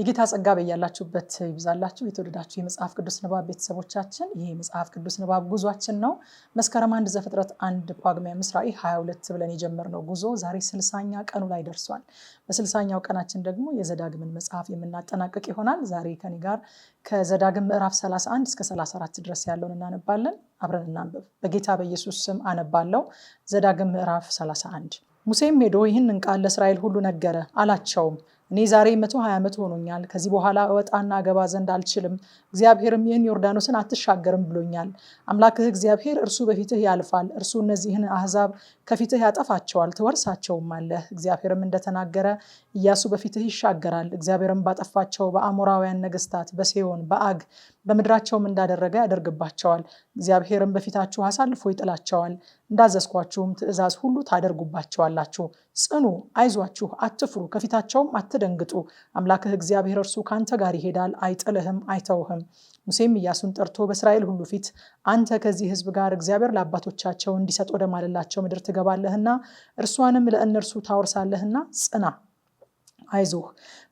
የጌታ ጸጋ በያላችሁበት ይብዛላችሁ። የተወደዳችሁ የመጽሐፍ ቅዱስ ንባብ ቤተሰቦቻችን ይህ የመጽሐፍ ቅዱስ ንባብ ጉዟችን ነው። መስከረም አንድ ዘፍጥረት አንድ ጳጉሜ አምስት ራዕይ 22 ብለን የጀመርነው ጉዞ ዛሬ ስልሳኛ ቀኑ ላይ ደርሷል። በስልሳኛው ቀናችን ደግሞ የዘዳግምን መጽሐፍ የምናጠናቀቅ ይሆናል። ዛሬ ከኔ ጋር ከዘዳግም ምዕራፍ 31 እስከ 34 ድረስ ያለውን እናነባለን። አብረን እናንብብ። በጌታ በኢየሱስ ስም አነባለው። ዘዳግም ምዕራፍ 31 ሙሴም ሄዶ ይህንን ቃል ለእስራኤል ሁሉ ነገረ አላቸውም እኔ ዛሬ መቶ ሀያ ዓመት ሆኖኛል። ከዚህ በኋላ እወጣና ገባ ዘንድ አልችልም። እግዚአብሔርም ይህን ዮርዳኖስን አትሻገርም ብሎኛል። አምላክህ እግዚአብሔር እርሱ በፊትህ ያልፋል፣ እርሱ እነዚህን አህዛብ ከፊትህ ያጠፋቸዋል፣ ትወርሳቸውም አለህ። እግዚአብሔርም እንደተናገረ እያሱ በፊትህ ይሻገራል። እግዚአብሔርም ባጠፋቸው በአሞራውያን ነገስታት፣ በሴዮን በአግ በምድራቸውም እንዳደረገ ያደርግባቸዋል። እግዚአብሔርም በፊታችሁ አሳልፎ ይጥላቸዋል። እንዳዘዝኳችሁም ትእዛዝ ሁሉ ታደርጉባቸዋላችሁ። ጽኑ፣ አይዟችሁ፣ አትፍሩ፣ ከፊታቸውም አት አትደንግጡ፣ አምላክህ እግዚአብሔር እርሱ ከአንተ ጋር ይሄዳል፣ አይጥልህም፣ አይተውህም። ሙሴም ኢያሱን ጠርቶ በእስራኤል ሁሉ ፊት አንተ ከዚህ ሕዝብ ጋር እግዚአብሔር ለአባቶቻቸው እንዲሰጥ ወደ ማለላቸው ምድር ትገባለህና እርሷንም ለእነርሱ ታወርሳለህና ጽና አይዞህ፣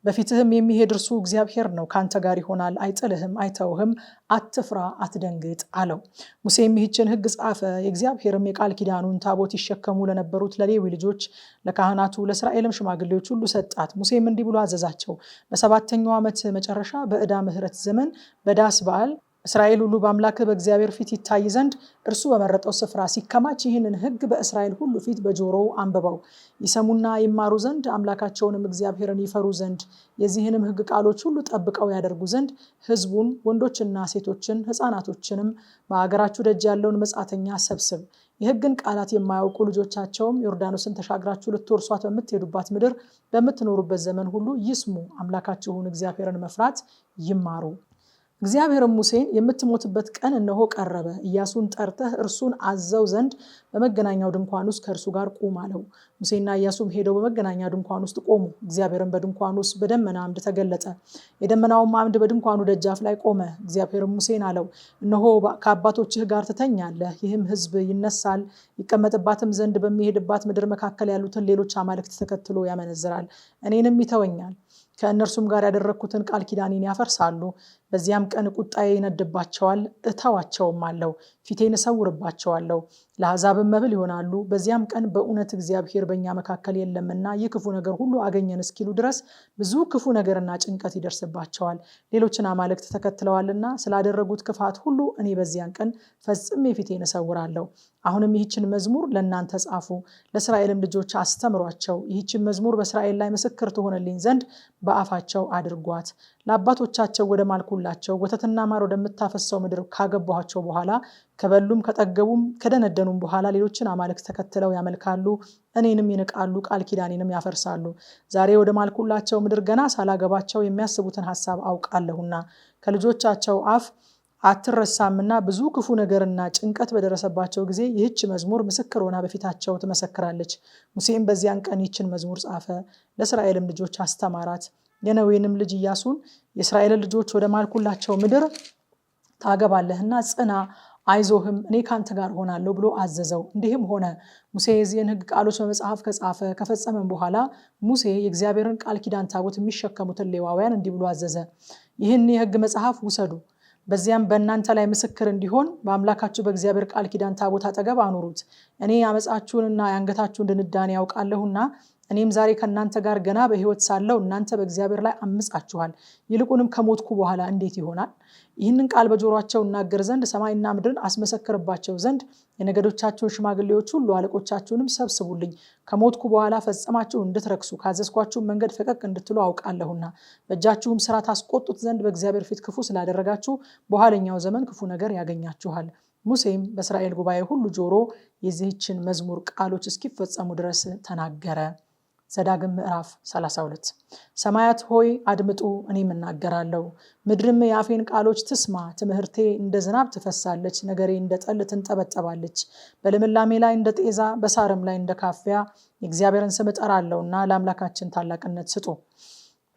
በፊትህም የሚሄድ እርሱ እግዚአብሔር ነው፣ ከአንተ ጋር ይሆናል፣ አይጥልህም፣ አይተውህም፣ አትፍራ፣ አትደንግጥ አለው። ሙሴም ይህችን ሕግ ጻፈ። የእግዚአብሔርም የቃል ኪዳኑን ታቦት ይሸከሙ ለነበሩት ለሌዊ ልጆች፣ ለካህናቱ፣ ለእስራኤልም ሽማግሌዎች ሁሉ ሰጣት። ሙሴም እንዲህ ብሎ አዘዛቸው። በሰባተኛው ዓመት መጨረሻ በዕዳ ምሕረት ዘመን በዳስ በዓል እስራኤል ሁሉ በአምላክህ በእግዚአብሔር ፊት ይታይ ዘንድ እርሱ በመረጠው ስፍራ ሲከማች ይህንን ሕግ በእስራኤል ሁሉ ፊት በጆሮው አንብበው ይሰሙና ይማሩ ዘንድ አምላካቸውንም እግዚአብሔርን ይፈሩ ዘንድ የዚህንም ሕግ ቃሎች ሁሉ ጠብቀው ያደርጉ ዘንድ ሕዝቡን ወንዶችና ሴቶችን ሕፃናቶችንም በአገራችሁ ደጅ ያለውን መጻተኛ ሰብስብ። የሕግን ቃላት የማያውቁ ልጆቻቸውም ዮርዳኖስን ተሻግራችሁ ልትወርሷት በምትሄዱባት ምድር በምትኖሩበት ዘመን ሁሉ ይስሙ፣ አምላካችሁን እግዚአብሔርን መፍራት ይማሩ። እግዚአብሔርም ሙሴን የምትሞትበት ቀን እነሆ ቀረበ፣ እያሱን ጠርተህ እርሱን አዘው ዘንድ በመገናኛው ድንኳን ውስጥ ከእርሱ ጋር ቁም አለው። ሙሴና እያሱም ሄደው በመገናኛ ድንኳን ውስጥ ቆሙ። እግዚአብሔርም በድንኳን ውስጥ በደመና አምድ ተገለጠ። የደመናውም አምድ በድንኳኑ ደጃፍ ላይ ቆመ። እግዚአብሔርም ሙሴን አለው፣ እነሆ ከአባቶችህ ጋር ትተኛለህ፣ ይህም ሕዝብ ይነሳል ይቀመጥባትም ዘንድ በሚሄድባት ምድር መካከል ያሉትን ሌሎች አማልክት ተከትሎ ያመነዝራል፣ እኔንም ይተወኛል ከእነርሱም ጋር ያደረግኩትን ቃል ኪዳኔን ያፈርሳሉ። በዚያም ቀን ቁጣዬ ይነድባቸዋል፣ እተዋቸውም አለው፣ ፊቴን እሰውርባቸዋለሁ። ለአሕዛብም መብል ይሆናሉ። በዚያም ቀን በእውነት እግዚአብሔር በእኛ መካከል የለምና ይህ ክፉ ነገር ሁሉ አገኘን እስኪሉ ድረስ ብዙ ክፉ ነገርና ጭንቀት ይደርስባቸዋል። ሌሎችን አማልክት ተከትለዋልና ስላደረጉት ክፋት ሁሉ እኔ በዚያን ቀን ፈጽሜ ፊቴን እሰውራለሁ። አሁንም ይህችን መዝሙር ለእናንተ ጻፉ፣ ለእስራኤልም ልጆች አስተምሯቸው። ይህችን መዝሙር በእስራኤል ላይ ምስክር ትሆንልኝ ዘንድ በአፋቸው አድርጓት። ለአባቶቻቸው ወደ ማልኩላቸው ወተትና ማር ወደምታፈሰው ምድር ካገባኋቸው በኋላ ከበሉም ከጠገቡም ከደነደኑም በኋላ ሌሎችን አማልክት ተከትለው ያመልካሉ፣ እኔንም ይንቃሉ፣ ቃል ኪዳኔንም ያፈርሳሉ። ዛሬ ወደ ማልኩላቸው ምድር ገና ሳላገባቸው የሚያስቡትን ሀሳብ አውቃለሁና ከልጆቻቸው አፍ አትረሳምና ብዙ ክፉ ነገርና ጭንቀት በደረሰባቸው ጊዜ ይህች መዝሙር ምስክር ሆና በፊታቸው ትመሰክራለች። ሙሴም በዚያን ቀን ይችን መዝሙር ጻፈ፣ ለእስራኤልም ልጆች አስተማራት። የነዌንም ልጅ እያሱን የእስራኤልን ልጆች ወደ ማልኩላቸው ምድር ታገባለህና ጽና አይዞህም እኔ ካንተ ጋር ሆናለሁ ብሎ አዘዘው። እንዲህም ሆነ ሙሴ የዚህን ሕግ ቃሎች በመጽሐፍ ከጻፈ ከፈጸመም በኋላ ሙሴ የእግዚአብሔርን ቃል ኪዳን ታቦት የሚሸከሙትን ሌዋውያን እንዲህ ብሎ አዘዘ። ይህን የሕግ መጽሐፍ ውሰዱ፣ በዚያም በእናንተ ላይ ምስክር እንዲሆን በአምላካችሁ በእግዚአብሔር ቃል ኪዳን ታቦት አጠገብ አኑሩት። እኔ አመፃችሁንና የአንገታችሁን ድንዳኔ ያውቃለሁና እኔም ዛሬ ከእናንተ ጋር ገና በህይወት ሳለው እናንተ በእግዚአብሔር ላይ አምጻችኋል፣ ይልቁንም ከሞትኩ በኋላ እንዴት ይሆናል? ይህንን ቃል በጆሯቸው እናገር ዘንድ ሰማይና ምድርን አስመሰክርባቸው ዘንድ የነገዶቻችሁን ሽማግሌዎች ሁሉ አለቆቻችሁንም ሰብስቡልኝ። ከሞትኩ በኋላ ፈጽማችሁ እንድትረክሱ ካዘዝኳችሁን መንገድ ፈቀቅ እንድትሉ አውቃለሁና በእጃችሁም ስራ ታስቆጡት ዘንድ በእግዚአብሔር ፊት ክፉ ስላደረጋችሁ በኋለኛው ዘመን ክፉ ነገር ያገኛችኋል። ሙሴም በእስራኤል ጉባኤ ሁሉ ጆሮ የዚህችን መዝሙር ቃሎች እስኪፈጸሙ ድረስ ተናገረ። ዘዳግም ምዕራፍ 32 ሰማያት ሆይ አድምጡ፣ እኔም እናገራለሁ፣ ምድርም የአፌን ቃሎች ትስማ። ትምህርቴ እንደ ዝናብ ትፈሳለች፣ ነገሬ እንደ ጠል ትንጠበጠባለች። በልምላሜ ላይ እንደ ጤዛ፣ በሳርም ላይ እንደ ካፊያ የእግዚአብሔርን ስም እጠራለሁና ለአምላካችን ታላቅነት ስጡ።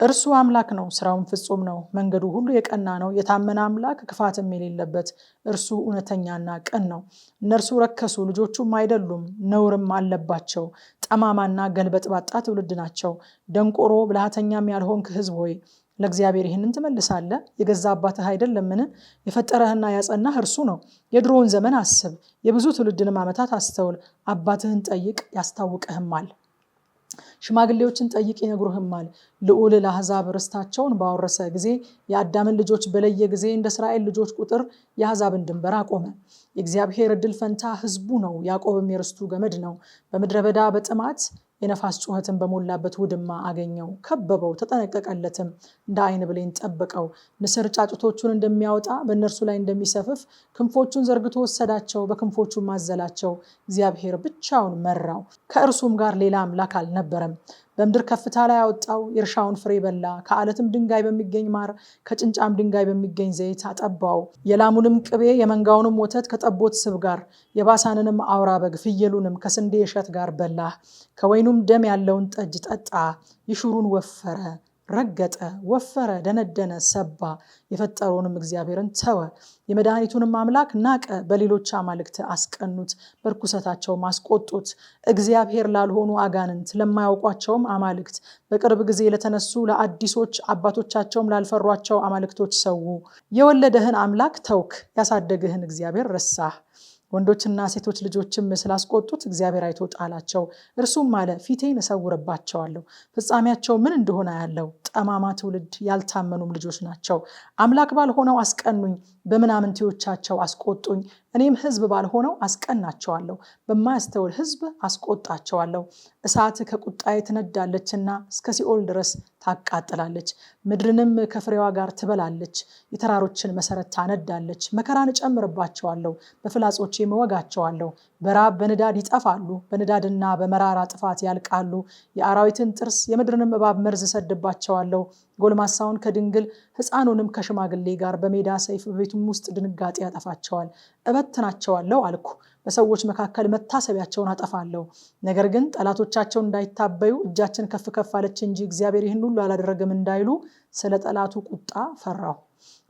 እርሱ አምላክ ነው፣ ስራውን ፍጹም ነው፣ መንገዱ ሁሉ የቀና ነው። የታመነ አምላክ ክፋትም የሌለበት እርሱ እውነተኛና ቅን ነው። እነርሱ ረከሱ፣ ልጆቹም አይደሉም፣ ነውርም አለባቸው። ጠማማና ገልበጥባጣ ትውልድ ናቸው። ደንቆሮ ብልሃተኛም ያልሆንክ ሕዝብ ሆይ ለእግዚአብሔር ይህንን ትመልሳለህ? የገዛ አባትህ አይደለምን? የፈጠረህና ያጸናህ እርሱ ነው። የድሮውን ዘመን አስብ፣ የብዙ ትውልድንም ዓመታት አስተውል። አባትህን ጠይቅ፣ ያስታውቅህማል። ሽማግሌዎችን ጠይቅ ይነግሩህማል። ልዑል ለአሕዛብ ርስታቸውን ባወረሰ ጊዜ የአዳምን ልጆች በለየ ጊዜ እንደ እስራኤል ልጆች ቁጥር የአሕዛብን ድንበር አቆመ። የእግዚአብሔር እድል ፈንታ ሕዝቡ ነው፣ ያዕቆብም የርስቱ ገመድ ነው። በምድረ በዳ በጥማት የነፋስ ጩኸትን በሞላበት ውድማ አገኘው። ከበበው፣ ተጠነቀቀለትም። እንደ አይን ብሌን ጠበቀው። ንስር ጫጩቶቹን እንደሚያወጣ በእነርሱ ላይ እንደሚሰፍፍ ክንፎቹን ዘርግቶ ወሰዳቸው፣ በክንፎቹ ማዘላቸው። እግዚአብሔር ብቻውን መራው፣ ከእርሱም ጋር ሌላ አምላክ አልነበረም። በምድር ከፍታ ላይ አወጣው፣ የእርሻውን ፍሬ በላ። ከአለትም ድንጋይ በሚገኝ ማር፣ ከጭንጫም ድንጋይ በሚገኝ ዘይት አጠባው። የላሙንም ቅቤ የመንጋውንም ወተት ከጠቦት ስብ ጋር የባሳንንም አውራ በግ ፍየሉንም ከስንዴ እሸት ጋር በላ። ከወይኑም ደም ያለውን ጠጅ ጠጣ፣ ይሹሩን ወፈረ። ረገጠ፣ ወፈረ፣ ደነደነ፣ ሰባ፣ የፈጠረውንም እግዚአብሔርን ተወ፣ የመድኃኒቱንም አምላክ ናቀ፣ በሌሎች አማልክት አስቀኑት፣ በርኩሰታቸው አስቆጡት። እግዚአብሔር ላልሆኑ አጋንንት ለማያውቋቸውም አማልክት በቅርብ ጊዜ ለተነሱ ለአዲሶች አባቶቻቸውም ላልፈሯቸው አማልክቶች ሰዉ። የወለደህን አምላክ ተውክ፣ ያሳደግህን እግዚአብሔር ረሳህ። ወንዶችና ሴቶች ልጆችም ስላስቆጡት እግዚአብሔር አይቶ ጣላቸው። እርሱም አለ ፊቴን እሰውርባቸዋለሁ፣ ፍጻሜያቸው ምን እንደሆነ ያለው ጠማማ ትውልድ ያልታመኑም ልጆች ናቸው። አምላክ ባልሆነው አስቀኑኝ፣ በምናምንቴዎቻቸው አስቆጡኝ፣ እኔም ህዝብ ባልሆነው አስቀናቸዋለሁ፣ በማያስተውል ህዝብ አስቆጣቸዋለሁ። እሳት ከቁጣዬ ትነዳለችና እስከ ሲኦል ድረስ ታቃጥላለች፣ ምድርንም ከፍሬዋ ጋር ትበላለች። የተራሮችን መሰረት ታነዳለች። መከራን እጨምርባቸዋለሁ፣ በፍላጾቼም እወጋቸዋለሁ። በራብ በንዳድ ይጠፋሉ፣ በንዳድና በመራራ ጥፋት ያልቃሉ። የአራዊትን ጥርስ የምድርንም እባብ መርዝ እሰድባቸዋለሁ። ጎልማሳውን ከድንግል ህፃኑንም ከሽማግሌ ጋር በሜዳ ሰይፍ በቤቱም ውስጥ ድንጋጤ ያጠፋቸዋል። እበትናቸዋለሁ አልኩ። በሰዎች መካከል መታሰቢያቸውን አጠፋለሁ። ነገር ግን ጠላቶቻቸው እንዳይታበዩ እጃችን ከፍ ከፍ አለች እንጂ እግዚአብሔር ይህን ሁሉ አላደረገም እንዳይሉ ስለ ጠላቱ ቁጣ ፈራሁ።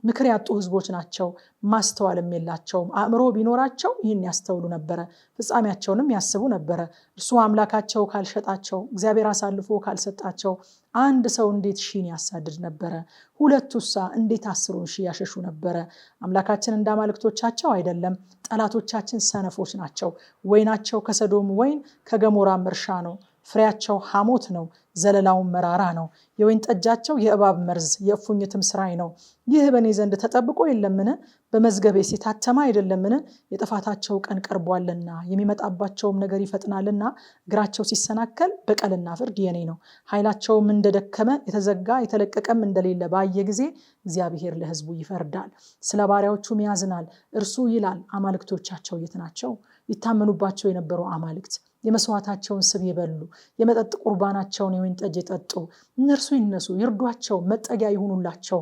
ምክር ያጡ ህዝቦች ናቸው፣ ማስተዋልም የላቸውም። አእምሮ ቢኖራቸው ይህን ያስተውሉ ነበረ፣ ፍጻሜያቸውንም ያስቡ ነበረ። እርሱ አምላካቸው ካልሸጣቸው፣ እግዚአብሔር አሳልፎ ካልሰጣቸው አንድ ሰው እንዴት ሺን ያሳድድ ነበረ? ሁለቱሳ እንዴት አስሩን ሺ ያሸሹ ነበረ? አምላካችን እንደ አማልክቶቻቸው አይደለም። ጠላቶቻችን ሰነፎች ናቸው። ወይናቸው ከሰዶም ወይን ከገሞራም እርሻ ነው፣ ፍሬያቸው ሐሞት ነው። ዘለላውን መራራ ነው። የወይን ጠጃቸው የእባብ መርዝ የእፉኝትም ስራይ ነው። ይህ በእኔ ዘንድ ተጠብቆ የለምን? በመዝገቤ የታተመ አይደለምን? የጥፋታቸው ቀን ቀርቧልና የሚመጣባቸውም ነገር ይፈጥናልና እግራቸው ሲሰናከል በቀልና ፍርድ የኔ ነው። ኃይላቸውም እንደደከመ የተዘጋ የተለቀቀም እንደሌለ ባየ ጊዜ እግዚአብሔር ለሕዝቡ ይፈርዳል፣ ስለ ባሪያዎቹም ያዝናል። እርሱ ይላል አማልክቶቻቸው የት ናቸው? ይታመኑባቸው የነበሩ አማልክት የመስዋዕታቸውን ስብ የበሉ የመጠጥ ቁርባናቸውን የወይን ጠጅ የጠጡ እነርሱ ይነሱ፣ ይርዷቸው፣ መጠጊያ ይሁኑላቸው።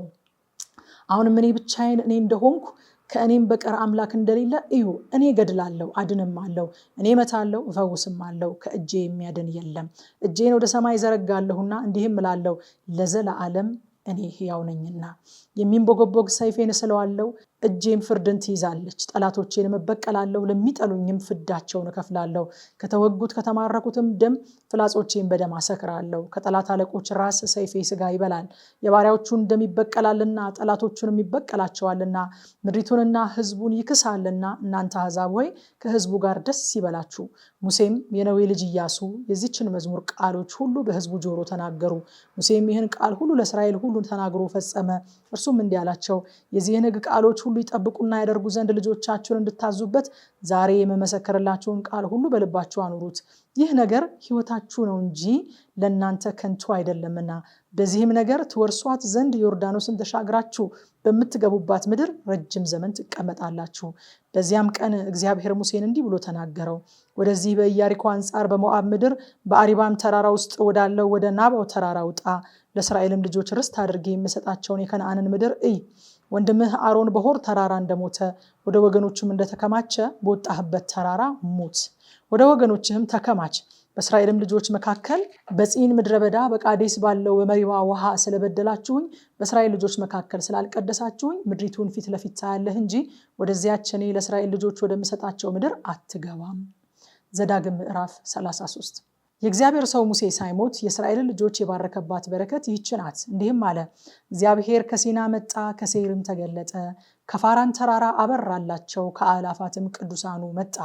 አሁንም እኔ ብቻዬን እኔ እንደሆንኩ ከእኔም በቀር አምላክ እንደሌለ እዩ። እኔ ገድላለሁ አድንም አለው፣ እኔ መታለው እፈውስም አለው፣ ከእጄ የሚያድን የለም። እጄን ወደ ሰማይ ዘረጋለሁና እንዲህም እላለሁ ለዘለዓለም እኔ ሕያው ነኝና የሚንቦገቦግ ሰይፌን እስለዋለሁ፣ እጄም ፍርድን ትይዛለች፣ ጠላቶቼንም እበቀላለሁ፣ ለሚጠሉኝም ፍዳቸውን እከፍላለሁ። ከተወጉት ከተማረኩትም ደም ፍላጾቼን በደም አሰክራለሁ። ከጠላት አለቆች ራስ ሰይፌ ስጋ ይበላል፣ የባሪያዎቹን ደም ይበቀላልና፣ ጠላቶቹንም ይበቀላቸዋልና፣ ምድሪቱንና ሕዝቡን ይክሳልና። እናንተ አሕዛብ ሆይ ከሕዝቡ ጋር ደስ ይበላችሁ። ሙሴም የነዌ ልጅ እያሱ የዚችን መዝሙር ቃሎች ሁሉ በሕዝቡ ጆሮ ተናገሩ። ሙሴም ይህን ቃል ሁሉ ለእስራኤል ሁሉ ተናግሮ ፈጸመ። እርሱም እንዲህ አላቸው የዚህን ሕግ ቃሎች ሁሉ ይጠብቁና ያደርጉ ዘንድ ልጆቻቸውን እንድታዙበት ዛሬ የመመሰከርላቸውን ቃል ሁሉ በልባቸው አኑሩት። ይህ ነገር ሕይወታችሁ ነው እንጂ ለእናንተ ከንቱ አይደለምና በዚህም ነገር ትወርሷት ዘንድ ዮርዳኖስን ተሻግራችሁ በምትገቡባት ምድር ረጅም ዘመን ትቀመጣላችሁ። በዚያም ቀን እግዚአብሔር ሙሴን እንዲህ ብሎ ተናገረው። ወደዚህ በኢያሪኮ አንጻር በሞአብ ምድር በአሪባም ተራራ ውስጥ ወዳለው ወደ ናባው ተራራ ውጣ። ለእስራኤልም ልጆች ርስት አድርጌ የምሰጣቸውን የከነአንን ምድር እይ ወንድምህ አሮን በሆር ተራራ እንደሞተ ወደ ወገኖችም እንደተከማቸ በወጣህበት ተራራ ሙት፣ ወደ ወገኖችህም ተከማች። በእስራኤልም ልጆች መካከል በጺን ምድረ በዳ በቃዴስ ባለው በመሪባ ውሃ ስለበደላችሁኝ በእስራኤል ልጆች መካከል ስላልቀደሳችሁኝ ምድሪቱን ፊት ለፊት ታያለህ እንጂ ወደዚያች እኔ ለእስራኤል ልጆች ወደምሰጣቸው ምድር አትገባም። ዘዳግም ምዕራፍ 33 የእግዚአብሔር ሰው ሙሴ ሳይሞት የእስራኤልን ልጆች የባረከባት በረከት ይህች ናት። እንዲህም አለ፣ እግዚአብሔር ከሲና መጣ፣ ከሴይርም ተገለጠ፣ ከፋራን ተራራ አበራላቸው፣ ከአላፋትም ቅዱሳኑ መጣ።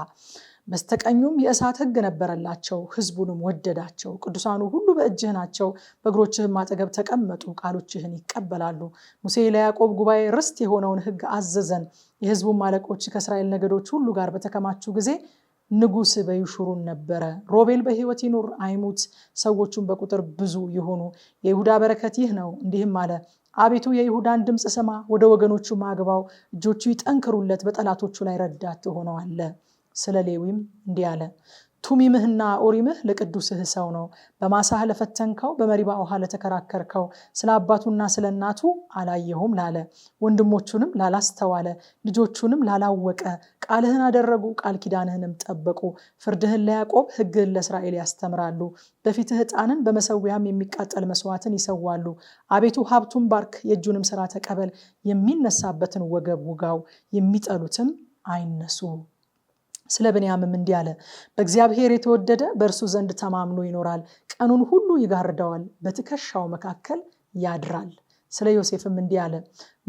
በስተቀኙም የእሳት ሕግ ነበረላቸው፣ ሕዝቡንም ወደዳቸው። ቅዱሳኑ ሁሉ በእጅህ ናቸው፣ በእግሮችህም አጠገብ ተቀመጡ፣ ቃሎችህን ይቀበላሉ። ሙሴ ለያዕቆብ ጉባኤ ርስት የሆነውን ሕግ አዘዘን። የሕዝቡም አለቆች ከእስራኤል ነገዶች ሁሉ ጋር በተከማቹ ጊዜ ንጉስ በይሹሩን ነበረ። ሮቤል በህይወት ይኑር አይሙት፣ ሰዎቹን በቁጥር ብዙ ይሆኑ። የይሁዳ በረከት ይህ ነው። እንዲህም አለ አቤቱ የይሁዳን ድምፅ ስማ፣ ወደ ወገኖቹ ማግባው፣ እጆቹ ይጠንክሩለት፣ በጠላቶቹ ላይ ረዳት ሆነዋል። ስለ ሌዊም እንዲህ አለ ቱሚምህና ኦሪምህ ለቅዱስህ ሰው ነው። በማሳህ ለፈተንከው፣ በመሪባ ውሃ ለተከራከርከው፣ ስለ አባቱና ስለ እናቱ አላየሁም ላለ፣ ወንድሞቹንም ላላስተዋለ፣ ልጆቹንም ላላወቀ፣ ቃልህን አደረጉ፣ ቃል ኪዳንህንም ጠበቁ። ፍርድህን ለያዕቆብ ህግህን ለእስራኤል ያስተምራሉ። በፊትህ ዕጣንን በመሰዊያም የሚቃጠል መስዋዕትን ይሰዋሉ። አቤቱ ሀብቱን ባርክ፣ የእጁንም ስራ ተቀበል። የሚነሳበትን ወገብ ውጋው፣ የሚጠሉትም አይነሱ። ስለ ብንያምም እንዲህ አለ፣ በእግዚአብሔር የተወደደ በእርሱ ዘንድ ተማምኖ ይኖራል፣ ቀኑን ሁሉ ይጋርደዋል፣ በትከሻው መካከል ያድራል። ስለ ዮሴፍም እንዲህ አለ፣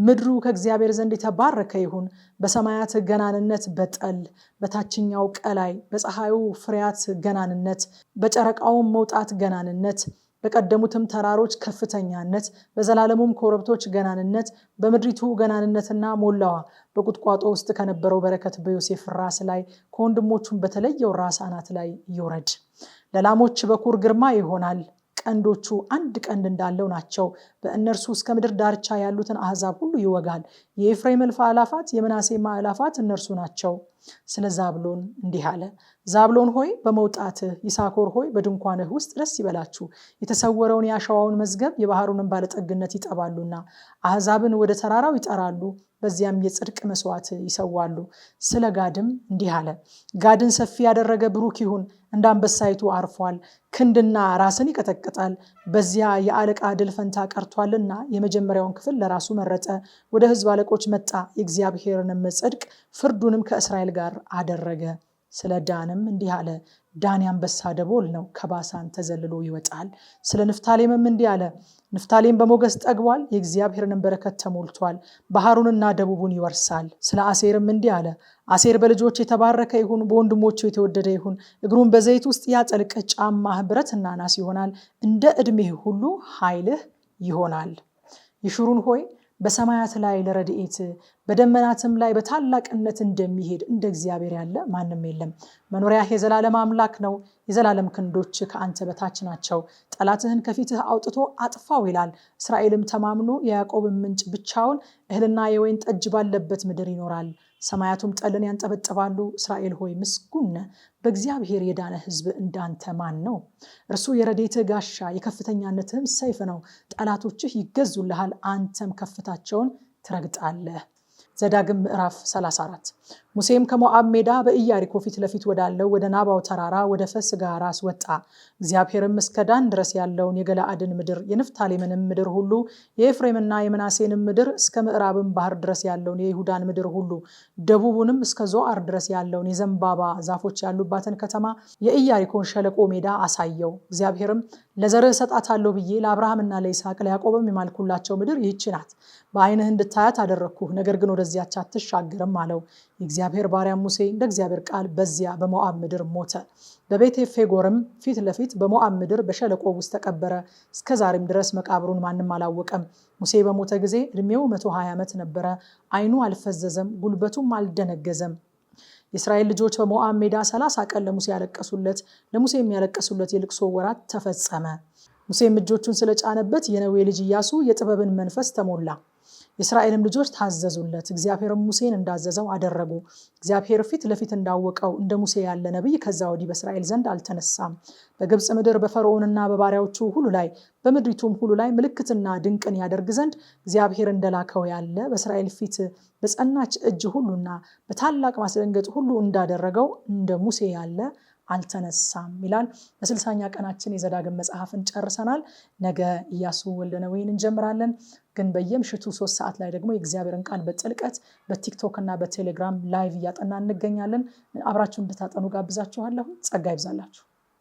ምድሩ ከእግዚአብሔር ዘንድ የተባረከ ይሁን፣ በሰማያት ገናንነት፣ በጠል በታችኛው ቀላይ፣ በፀሐዩ ፍሬያት ገናንነት፣ በጨረቃውም መውጣት ገናንነት በቀደሙትም ተራሮች ከፍተኛነት በዘላለሙም ኮረብቶች ገናንነት በምድሪቱ ገናንነትና ሞላዋ በቁጥቋጦ ውስጥ ከነበረው በረከት በዮሴፍ ራስ ላይ ከወንድሞቹም በተለየው ራስ አናት ላይ ይውረድ። ለላሞች በኩር ግርማ ይሆናል። ቀንዶቹ አንድ ቀንድ እንዳለው ናቸው። በእነርሱ እስከ ምድር ዳርቻ ያሉትን አሕዛብ ሁሉ ይወጋል። የኤፍሬም እልፍ አእላፋት፣ የምናሴም አእላፋት እነርሱ ናቸው። ስለ ዛብሎን እንዲህ አለ። ዛብሎን ሆይ በመውጣትህ፣ ይሳኮር ሆይ በድንኳንህ ውስጥ ደስ ይበላችሁ። የተሰወረውን የአሸዋውን መዝገብ የባህሩንም ባለጠግነት ይጠባሉና አሕዛብን ወደ ተራራው ይጠራሉ በዚያም የጽድቅ መስዋዕት ይሰዋሉ። ስለ ጋድም እንዲህ አለ። ጋድን ሰፊ ያደረገ ብሩክ ይሁን፣ እንደ አንበሳይቱ አርፏል። ክንድና ራስን ይቀጠቅጣል። በዚያ የአለቃ ድል ፈንታ ቀርቷልና የመጀመሪያውን ክፍል ለራሱ መረጠ። ወደ ሕዝብ አለቆች መጣ። የእግዚአብሔርንም ጽድቅ ፍርዱንም ከእስራኤል ጋር አደረገ። ስለ ዳንም እንዲህ አለ። ዳን አንበሳ ደቦል ነው፣ ከባሳን ተዘልሎ ይወጣል። ስለ ንፍታሌምም እንዲህ አለ፣ ንፍታሌም በሞገስ ጠግቧል፣ የእግዚአብሔርንም በረከት ተሞልቷል፣ ባህሩንና ደቡቡን ይወርሳል። ስለ አሴርም እንዲህ አለ፣ አሴር በልጆች የተባረከ ይሁን፣ በወንድሞቹ የተወደደ ይሁን። እግሩን በዘይት ውስጥ ያጠልቀ ጫማህ ብረትና ናስ ይሆናል፣ እንደ ዕድሜህ ሁሉ ኃይልህ ይሆናል። ይሹሩን ሆይ በሰማያት ላይ ለረድኤት በደመናትም ላይ በታላቅነት እንደሚሄድ እንደ እግዚአብሔር ያለ ማንም የለም። መኖሪያህ የዘላለም አምላክ ነው። የዘላለም ክንዶች ከአንተ በታች ናቸው። ጠላትህን ከፊትህ አውጥቶ አጥፋው ይላል። እስራኤልም ተማምኖ የያዕቆብ ምንጭ ብቻውን እህልና የወይን ጠጅ ባለበት ምድር ይኖራል። ሰማያቱም ጠልን ያንጠበጥባሉ። እስራኤል ሆይ ምስጉነ በእግዚአብሔር የዳነ ሕዝብ እንዳንተ ማን ነው? እርሱ የረዴትህ ጋሻ የከፍተኛነትህም ሰይፍ ነው። ጠላቶችህ ይገዙልሃል፣ አንተም ከፍታቸውን ትረግጣለህ። ዘዳግም ምዕራፍ 34 ሙሴም ከሞዓብ ሜዳ በኢያሪኮ ፊት ለፊት ወዳለው ወደ ናባው ተራራ ወደ ፈስጋ ራስ ወጣ። እግዚአብሔርም እስከ ዳን ድረስ ያለውን የገላአድን ምድር የንፍታሌምንም ምድር ሁሉ የኤፍሬምና የምናሴንም ምድር እስከ ምዕራብም ባህር ድረስ ያለውን የይሁዳን ምድር ሁሉ ደቡቡንም እስከ ዞአር ድረስ ያለውን የዘንባባ ዛፎች ያሉባትን ከተማ የኢያሪኮን ሸለቆ ሜዳ አሳየው። እግዚአብሔርም ለዘርህ እሰጣታለሁ ብዬ ለአብርሃምና ለይስሐቅ ለያዕቆብም የማልኩላቸው ምድር ይህች ናት። በዓይንህ እንድታያት አደረግኩህ፣ ነገር ግን ወደዚያች አትሻገርም አለው። የእግዚአብሔር ባሪያ ሙሴ እንደ እግዚአብሔር ቃል በዚያ በሞአብ ምድር ሞተ። በቤተ ፌጎርም ፊት ለፊት በሞአብ ምድር በሸለቆ ውስጥ ተቀበረ። እስከ ዛሬም ድረስ መቃብሩን ማንም አላወቀም። ሙሴ በሞተ ጊዜ ዕድሜው 120 ዓመት ነበረ። አይኑ አልፈዘዘም፣ ጉልበቱም አልደነገዘም። የእስራኤል ልጆች በሞአብ ሜዳ 30 ቀን ለሙሴ ያለቀሱለት፣ ለሙሴ የሚያለቀሱለት የልቅሶ ወራት ተፈጸመ። ሙሴም እጆቹን ስለጫነበት የነዌ ልጅ ኢያሱ የጥበብን መንፈስ ተሞላ። የእስራኤልም ልጆች ታዘዙለት፣ እግዚአብሔርም ሙሴን እንዳዘዘው አደረጉ። እግዚአብሔር ፊት ለፊት እንዳወቀው እንደ ሙሴ ያለ ነቢይ ከዛ ወዲህ በእስራኤል ዘንድ አልተነሳም። በግብፅ ምድር በፈርዖንና በባሪያዎቹ ሁሉ ላይ በምድሪቱም ሁሉ ላይ ምልክትና ድንቅን ያደርግ ዘንድ እግዚአብሔር እንደላከው ያለ በእስራኤል ፊት በጸናች እጅ ሁሉና በታላቅ ማስደንገጥ ሁሉ እንዳደረገው እንደ ሙሴ ያለ አልተነሳም ይላል። በስልሳኛ ቀናችን የዘዳግም መጽሐፍን ጨርሰናል። ነገ እያሱ ወልደነዌን እንጀምራለን። ግን በየምሽቱ ሶስት ሰዓት ላይ ደግሞ የእግዚአብሔርን ቃል በጥልቀት በቲክቶክ እና በቴሌግራም ላይቭ እያጠና እንገኛለን። አብራችሁን እንድታጠኑ ጋብዛችኋለሁ። ጸጋ ይብዛላችሁ።